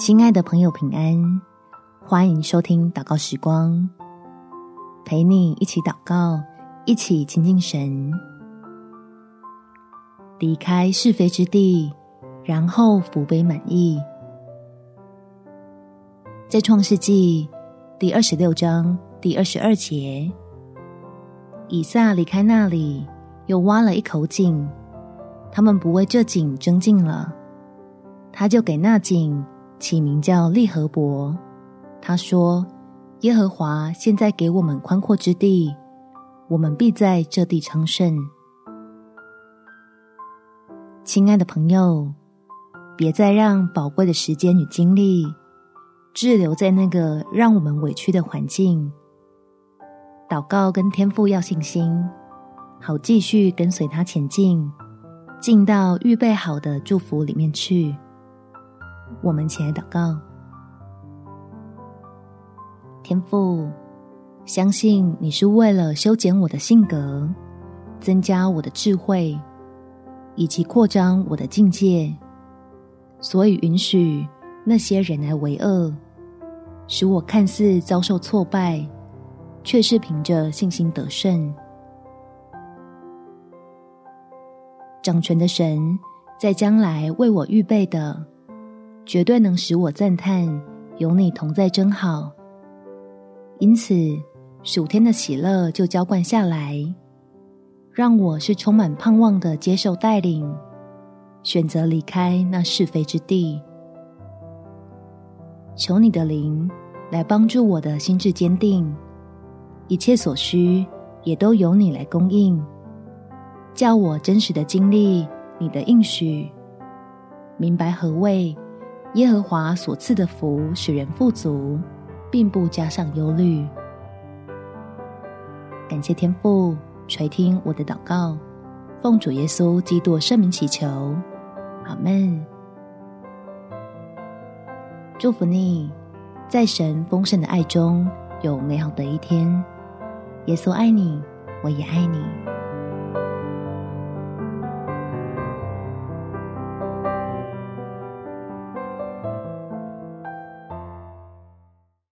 親愛的朋友，平安，歡迎收聽禱告時光，陪你一起禱告，一起親近神，離開是非之地，然後福杯滿溢。在創世記第二十六章第二十二節，以撒離開那裡，又挖了一口井，他們不為這井爭競了，他就給那井，起名叫利河伯，他說：“耶和華現在給我們寬闊之地，我們必在這地昌盛。”親愛的朋友，別再讓寶貴的時間與精力滯留在那個讓我們委屈的環境。禱告跟天父要信心，好繼續跟隨他前進，進到預備好的祝福裡面去。我們前來禱告，天父，相信你是為了修剪我的性格，增加我的智慧，以及擴張我的境界，所以允許那些人來為惡，使我看似遭受挫敗，卻是憑着信心得勝。掌權的神，在將來為我預備的。絕對能使我讚嘆，有你同在真好。因此，屬天的喜樂就澆灌下來，讓我是充滿盼望的接受帶領，選擇離開那是非之地。求你的靈來幫助我的心志堅定，一切所需也都由你來供應，叫我真實的經歷你的應許，明白何為。耶和華所賜的福使人富足，並不加上憂慮。感謝天父垂聽我的禱告，奉主耶穌基督聖名祈求，阿門。祝福你，在神豐盛的愛中有美好的一天。耶穌愛你，我也愛你。